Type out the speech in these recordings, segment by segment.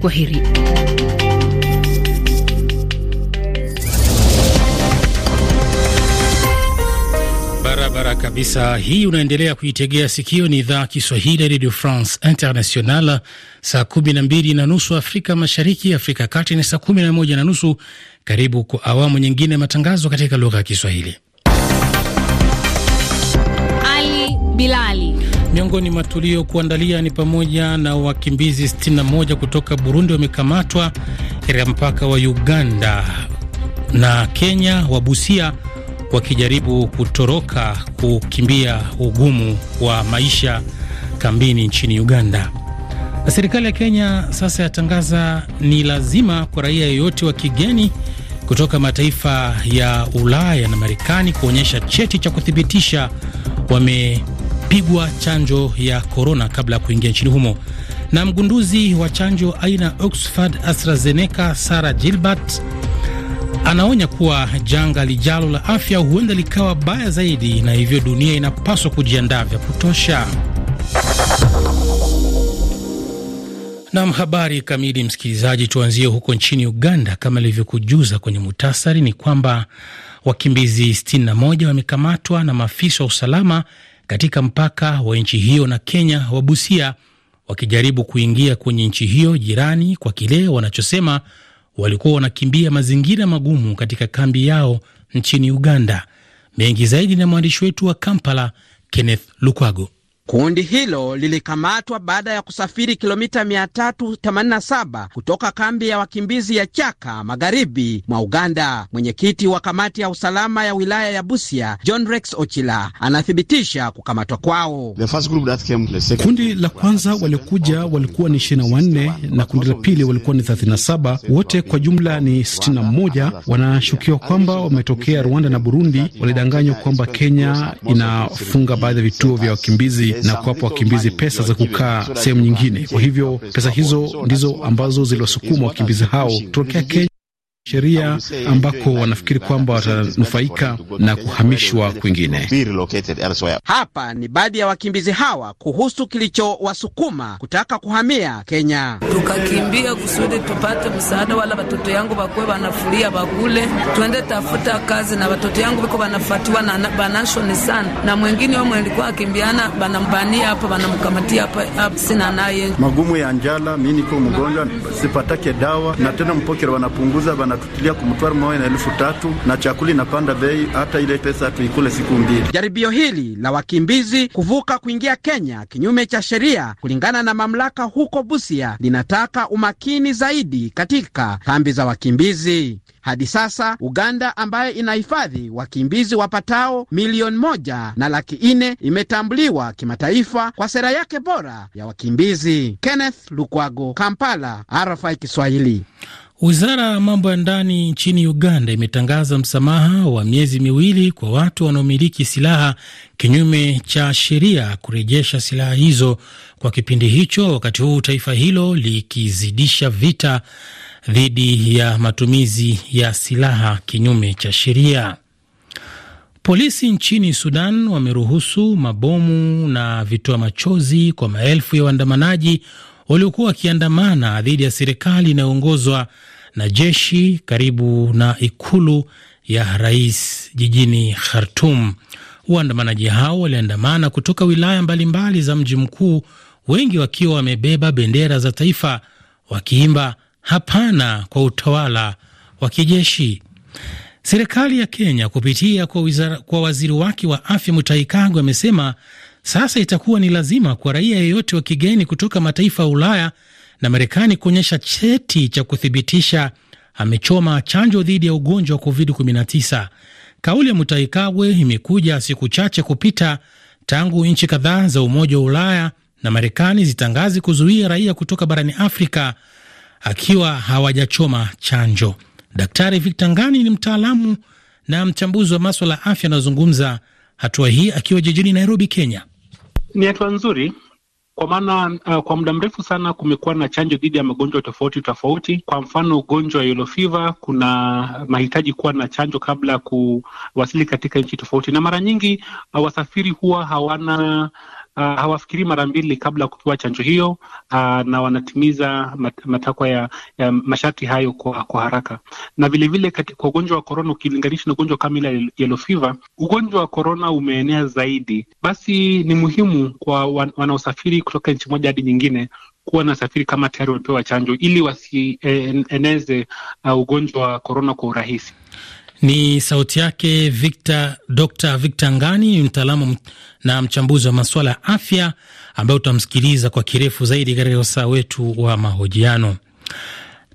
Kwa heri. Barabara kabisa hii unaendelea kuitegea sikio. Ni idhaa Kiswahili ya Radio France International. Saa kumi na mbili na nusu Afrika Mashariki, Afrika ya Kati ni saa kumi na moja na nusu. Karibu kwa awamu nyingine ya matangazo katika lugha ya Kiswahili. Ali Bilali Miongoni mwa tulio kuandalia ni pamoja na wakimbizi 61 kutoka Burundi wamekamatwa katika mpaka wa Uganda na Kenya wa Busia wakijaribu kutoroka kukimbia ugumu wa maisha kambini nchini Uganda. Na serikali ya Kenya sasa yatangaza ni lazima kwa raia yeyote wa kigeni kutoka mataifa ya Ulaya na Marekani kuonyesha cheti cha kuthibitisha wame kupigwa chanjo ya korona kabla ya kuingia nchini humo. Na mgunduzi wa chanjo aina Oxford AstraZeneca Sarah Gilbert anaonya kuwa janga lijalo la afya huenda likawa baya zaidi, na hivyo dunia inapaswa kujiandaa vya kutosha. Nam, habari kamili, msikilizaji. Tuanzie huko nchini Uganda. Kama ilivyokujuza kwenye muhtasari, ni kwamba wakimbizi 61 wamekamatwa na maafisa wa usalama katika mpaka wa nchi hiyo na Kenya, Wabusia wakijaribu kuingia kwenye nchi hiyo jirani kwa kile wanachosema walikuwa wanakimbia mazingira magumu katika kambi yao nchini Uganda. Mengi zaidi na mwandishi wetu wa Kampala, Kenneth Lukwago. Kundi hilo lilikamatwa baada ya kusafiri kilomita 387 kutoka kambi ya wakimbizi ya Chaka magharibi mwa Uganda. Mwenyekiti wa kamati ya usalama ya wilaya ya Busia, John Rex Ochila, anathibitisha kukamatwa kwao. Kundi la kwanza waliokuja walikuwa ni 24 na kundi la pili walikuwa ni 37, wote kwa jumla ni 61. Wanashukiwa kwamba wametokea Rwanda na Burundi. Walidanganywa kwamba Kenya inafunga baadhi ya vituo vya wakimbizi na kuwapa wakimbizi pesa za kukaa sehemu nyingine. Kwa hivyo pesa hizo ndizo ambazo ziliwasukuma wakimbizi hao torokea Kenya sheria ambako wanafikiri kwamba watanufaika na kuhamishwa kwingine. Hapa ni baadhi ya wakimbizi hawa kuhusu kilichowasukuma kutaka kuhamia Kenya. Tukakimbia kusudi tupate msaada, wala watoto yangu wakuwe wanafuria wakule, twende tafuta kazi, na watoto yangu viko wanafuatiwa na banashoni sana, na mwengine wamwe alikuwa akimbiana, banambania hapa, banamkamatia hapa, sina naye magumu ya njala, mi niko mgonjwa, sipatake dawa na tena mpokero wanapunguza bana wanatulia kumtwara moyo na elfu tatu na chakula inapanda bei, hata ile pesa tuikule siku mbili. Jaribio hili la wakimbizi kuvuka kuingia Kenya kinyume cha sheria, kulingana na mamlaka huko Busia, linataka umakini zaidi katika kambi za wakimbizi. Hadi sasa Uganda ambayo inahifadhi wakimbizi wapatao milioni moja na laki nne imetambuliwa kimataifa kwa sera yake bora ya wakimbizi. Kenneth Lukwago, Kampala, RFI Kiswahili. Wizara ya mambo ya ndani nchini Uganda imetangaza msamaha wa miezi miwili kwa watu wanaomiliki silaha kinyume cha sheria kurejesha silaha hizo kwa kipindi hicho, wakati huu taifa hilo likizidisha vita dhidi ya matumizi ya silaha kinyume cha sheria. Polisi nchini Sudan wameruhusu mabomu na vitoa machozi kwa maelfu ya waandamanaji waliokuwa wakiandamana dhidi ya serikali inayoongozwa na jeshi karibu na ikulu ya rais jijini Khartum. Waandamanaji hao waliandamana kutoka wilaya mbalimbali mbali za mji mkuu, wengi wakiwa wamebeba bendera za taifa wakiimba hapana kwa utawala wa kijeshi. Serikali ya Kenya kupitia kwa, wizara, kwa waziri wake wa afya Mutahi Kagwe amesema sasa itakuwa ni lazima kwa raia yeyote wa kigeni kutoka mataifa ya Ulaya na Marekani kuonyesha cheti cha kuthibitisha amechoma chanjo dhidi ya ugonjwa wa COVID-19. Kauli ya Mutaikawe imekuja siku chache kupita tangu nchi kadhaa za Umoja wa Ulaya na Marekani zitangaze kuzuia raia kutoka barani Afrika akiwa hawajachoma chanjo. Daktari Victor Ngani ni mtaalamu na mchambuzi wa maswala ya afya anazungumza hatua hii akiwa jijini Nairobi, Kenya. Ni hatua nzuri kwa maana uh, kwa muda mrefu sana kumekuwa na chanjo dhidi ya magonjwa tofauti tofauti. Kwa mfano ugonjwa wa yellow fever, kuna mahitaji kuwa na chanjo kabla ya kuwasili katika nchi tofauti, na mara nyingi uh, wasafiri huwa hawana uh, ah, hawafikirii mara mbili kabla ya kupewa chanjo hiyo uh, na wanatimiza matakwa ya, ya masharti hayo kwa, kwa haraka. Na vilevile vile kwa ugonjwa wa korona ukilinganisha na ugonjwa kama ile yellow fever, ugonjwa wa korona umeenea zaidi, basi ni muhimu kwa wan, wanaosafiri kutoka nchi moja hadi nyingine kuwa na safiri kama tayari wamepewa chanjo ili wasieneze e-, en, uh, ah, ugonjwa wa korona kwa urahisi. Ni sauti yake Victor, Dr. Victor Ngani, mtaalamu na mchambuzi wa masuala ya afya ambaye utamsikiliza kwa kirefu zaidi katika usaa wetu wa mahojiano.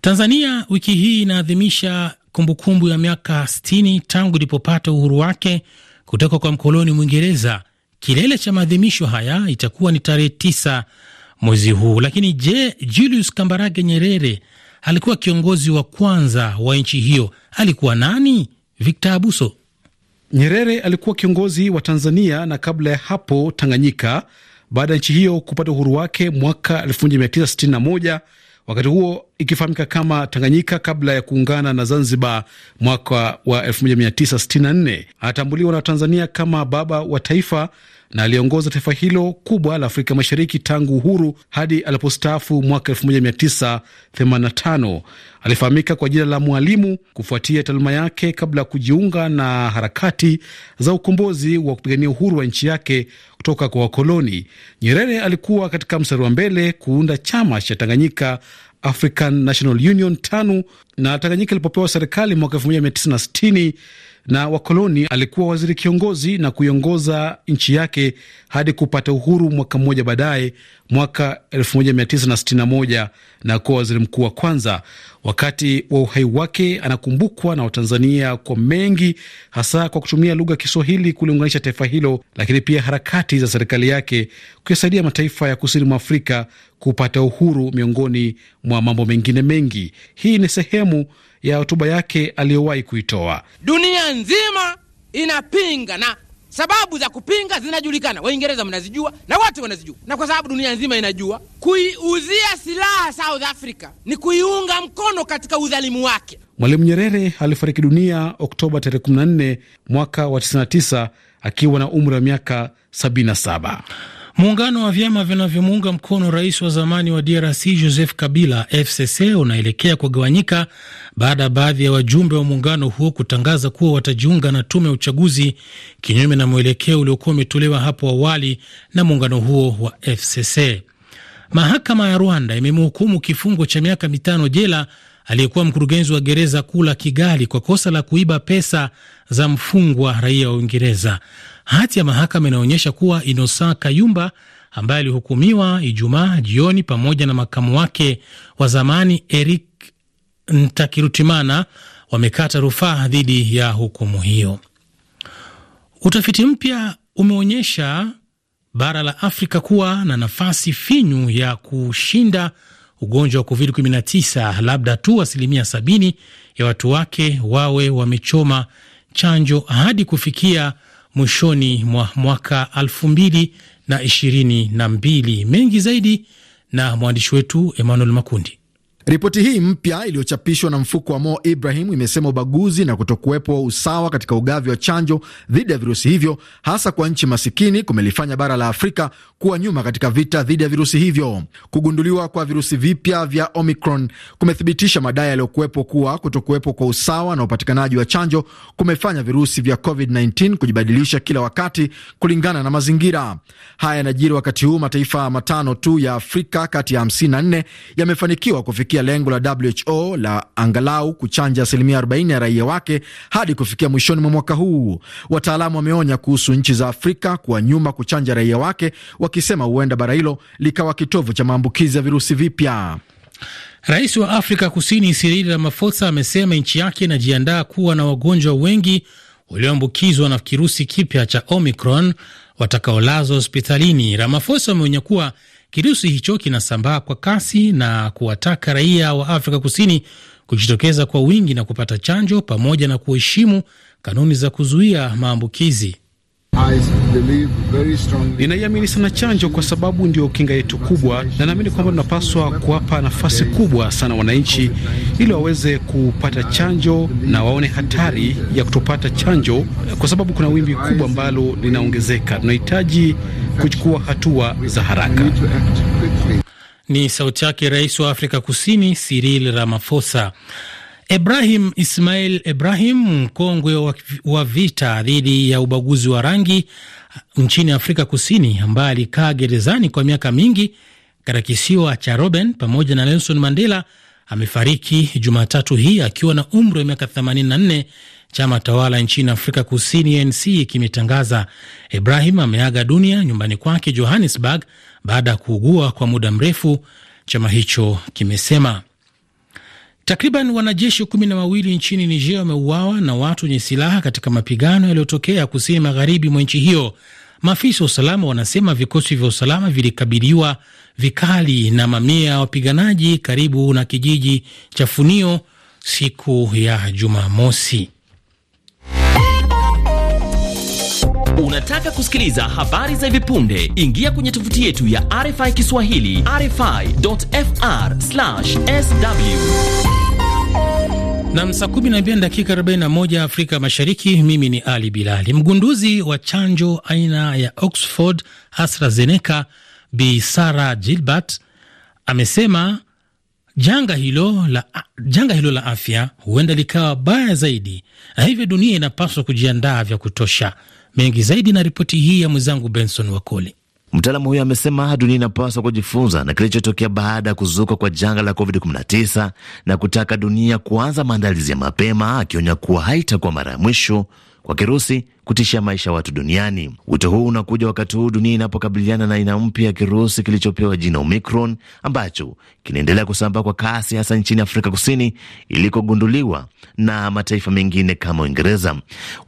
Tanzania wiki hii inaadhimisha kumbukumbu ya miaka 60 tangu ilipopata uhuru wake kutoka kwa mkoloni Mwingereza. Kilele cha maadhimisho haya itakuwa ni tarehe 9 mwezi huu. Lakini je, Julius Kambarage Nyerere alikuwa kiongozi wa kwanza wa nchi hiyo alikuwa nani? Victor Abuso. Nyerere alikuwa kiongozi wa Tanzania na kabla ya hapo Tanganyika, baada ya nchi hiyo kupata uhuru wake mwaka 1961. Wakati huo ikifahamika kama Tanganyika kabla ya kuungana na Zanzibar mwaka wa 1964. Anatambuliwa na Tanzania kama baba wa taifa na aliongoza taifa hilo kubwa la Afrika Mashariki tangu uhuru hadi alipostaafu mwaka 1985. Alifahamika kwa jina la Mwalimu kufuatia taaluma yake kabla ya kujiunga na harakati za ukombozi wa kupigania uhuru wa nchi yake kutoka kwa wakoloni. Nyerere alikuwa katika mstari wa mbele kuunda chama cha Tanganyika African National Union tano na Tanganyika ilipopewa serikali mwaka 1960 na wakoloni. Alikuwa waziri kiongozi na kuiongoza nchi yake hadi kupata uhuru mwaka mmoja baadaye, mwaka 1961 na kuwa waziri mkuu wa kwanza. Wakati wa uhai wake anakumbukwa na Watanzania kwa mengi, hasa kwa kutumia lugha ya Kiswahili kuliunganisha taifa hilo, lakini pia harakati za serikali yake kuyasaidia mataifa ya kusini mwa Afrika kupata uhuru, miongoni mwa mambo mengine mengi. Hii ni sehemu ya hotuba yake aliyowahi kuitoa. Dunia nzima inapinga na sababu za kupinga zinajulikana. Waingereza mnazijua na wote wanazijua, na kwa sababu dunia nzima inajua, kuiuzia silaha South Africa ni kuiunga mkono katika udhalimu wake. Mwalimu Nyerere alifariki dunia Oktoba tarehe 14 mwaka wa 99 akiwa na umri wa miaka 77. Muungano wa vyama vinavyomuunga mkono rais wa zamani wa DRC Joseph Kabila, FCC, unaelekea kugawanyika baada ya baadhi ya wajumbe wa muungano huo kutangaza kuwa watajiunga na tume ya uchaguzi, kinyume na mwelekeo uliokuwa umetolewa hapo awali na muungano huo wa FCC. Mahakama ya Rwanda imemhukumu kifungo cha miaka mitano jela aliyekuwa mkurugenzi wa gereza kuu la Kigali kwa kosa la kuiba pesa za mfungwa raia wa Uingereza. Hati ya mahakama inaonyesha kuwa Inosa Kayumba ambaye alihukumiwa Ijumaa jioni pamoja na makamu wake wa zamani Eric Ntakirutimana wamekata rufaa dhidi ya hukumu hiyo. Utafiti mpya umeonyesha bara la Afrika kuwa na nafasi finyu ya kushinda ugonjwa wa COVID-19, labda tu asilimia sabini ya watu wake wawe wamechoma chanjo hadi kufikia mwishoni mwa mwaka elfu mbili na ishirini na mbili. Mengi zaidi na mwandishi wetu Emmanuel Makundi. Ripoti hii mpya iliyochapishwa na mfuko wa Mo Ibrahim imesema ubaguzi na kutokuwepo usawa katika ugavi wa chanjo dhidi ya virusi hivyo hasa kwa nchi masikini kumelifanya bara la Afrika kuwa nyuma katika vita dhidi ya virusi hivyo. Kugunduliwa kwa virusi vipya vya Omicron kumethibitisha madai yaliyokuwepo kuwa kutokuwepo kwa usawa na upatikanaji wa chanjo kumefanya virusi vya COVID-19 kujibadilisha kila wakati kulingana na mazingira. Haya yanajiri wakati huu mataifa matano tu ya Afrika kati ya 54 yamefanikiwa kufikia kufikia lengo la WHO la angalau kuchanja asilimia 40 ya raia wake hadi kufikia mwishoni mwa mwaka huu. Wataalamu wameonya kuhusu nchi za Afrika kuwa nyuma kuchanja raia wake, wakisema huenda bara hilo likawa kitovu cha maambukizi ya virusi vipya. Rais wa Afrika Kusini Cyril Ramaphosa amesema nchi yake inajiandaa kuwa na wagonjwa wengi walioambukizwa na kirusi kipya cha Omicron watakaolazwa hospitalini. Ramaphosa ameonya kuwa Kirusi hicho kinasambaa kwa kasi na kuwataka raia wa Afrika Kusini kujitokeza kwa wingi na kupata chanjo pamoja na kuheshimu kanuni za kuzuia maambukizi. Ninaiamini sana chanjo kwa sababu ndio kinga yetu kubwa, na naamini kwamba tunapaswa kuwapa nafasi kubwa sana wananchi ili waweze kupata chanjo na waone hatari ya kutopata chanjo, kwa sababu kuna wimbi kubwa ambalo linaongezeka. Tunahitaji kuchukua hatua za haraka. Ni sauti yake Rais wa Afrika Kusini Cyril Ramaphosa. Ibrahim Ismail Ibrahim, mkongwe wa vita dhidi ya ubaguzi wa rangi nchini Afrika Kusini, ambaye alikaa gerezani kwa miaka mingi katika kisiwa cha Robben pamoja na Nelson Mandela, amefariki Jumatatu hii akiwa na umri wa miaka 84. Chama tawala nchini Afrika Kusini, ANC, kimetangaza. Ibrahim ameaga dunia nyumbani kwake Johannesburg baada ya kuugua kwa muda mrefu, chama hicho kimesema. Takriban wanajeshi kumi na wawili nchini Niger wameuawa na watu wenye silaha katika mapigano yaliyotokea kusini magharibi mwa nchi hiyo. Maafisa wa usalama wanasema vikosi vya usalama vilikabiliwa vikali na mamia ya wapiganaji karibu na kijiji cha Funio siku ya Jumamosi. Unataka kusikiliza habari za hivi punde? Ingia kwenye tovuti yetu ya RFI Kiswahili, rfi.fr/sw Nam saa 12 dakika 41 Afrika Mashariki. Mimi ni Ali Bilali. Mgunduzi wa chanjo aina ya Oxford AstraZeneca Bi Sara Gilbert amesema janga hilo la, janga hilo la afya huenda likawa baya zaidi, na hivyo dunia inapaswa kujiandaa vya kutosha. Mengi zaidi na ripoti hii ya mwenzangu Benson Wakoli. Mtaalamu huyo amesema dunia inapaswa kujifunza na kilichotokea baada ya kuzuka kwa janga la COVID-19 na kutaka dunia kuanza maandalizi ya mapema, akionya kuwa haitakuwa mara ya mwisho kwa kirusi kutishia maisha ya watu duniani. Wito huu unakuja wakati huu dunia inapokabiliana na aina mpya ya kirusi kilichopewa jina Omicron ambacho kinaendelea kusambaa kwa kasi, hasa nchini Afrika Kusini ilikogunduliwa na mataifa mengine kama Uingereza.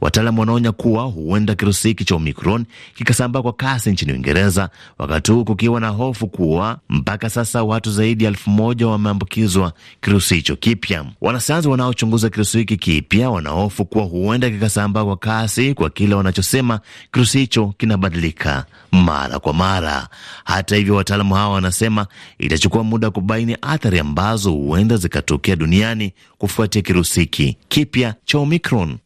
Wataalamu wanaonya kuwa huenda kirusi hiki cha Omicron kikasambaa kwa kasi nchini Uingereza, wakati huu kukiwa na hofu kuwa mpaka sasa watu zaidi ya elfu moja wameambukizwa kirusi hicho kipya. Wanasayansi wanaochunguza kirusi hiki kipya wanahofu kuwa huenda kikasambaa kwa kasi kwa kwa kile wanachosema kirusi hicho kinabadilika mara kwa mara. Hata hivyo, wataalamu hawa wanasema itachukua muda kubaini athari ambazo huenda zikatokea duniani kufuatia kirusi hiki kipya cha Omicron.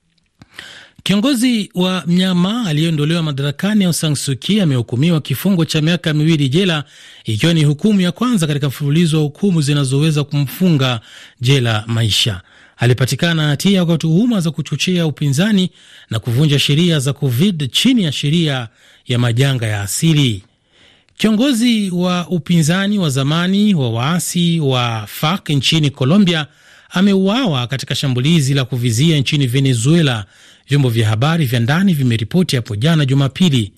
Kiongozi wa mnyama aliyeondolewa madarakani Aung San Suu Kyi amehukumiwa kifungo cha miaka miwili jela, ikiwa ni hukumu ya kwanza katika mfululizo wa hukumu zinazoweza kumfunga jela maisha alipatikana hatia kwa tuhuma za kuchochea upinzani na kuvunja sheria za Covid chini ya sheria ya majanga ya asili. Kiongozi wa upinzani wa zamani wa waasi wa FARC nchini Colombia ameuawa katika shambulizi la kuvizia nchini Venezuela, vyombo vya habari vya ndani vimeripoti hapo jana Jumapili.